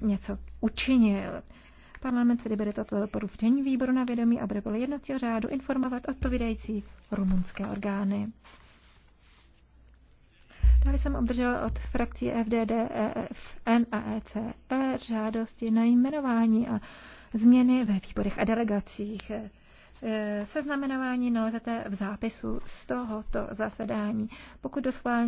něco učinil. Parlament tedy bude toto doporučení výboru na vědomí a bude podle jednotního řádu informovat odpovídající rumunské orgány. Dále jsem obdržel od frakcí FDD, EF, N a ECE e žádosti na jmenování a změny ve výborech a delegacích. E, seznamenování nalezete v zápisu z tohoto zasedání. Pokud do schválení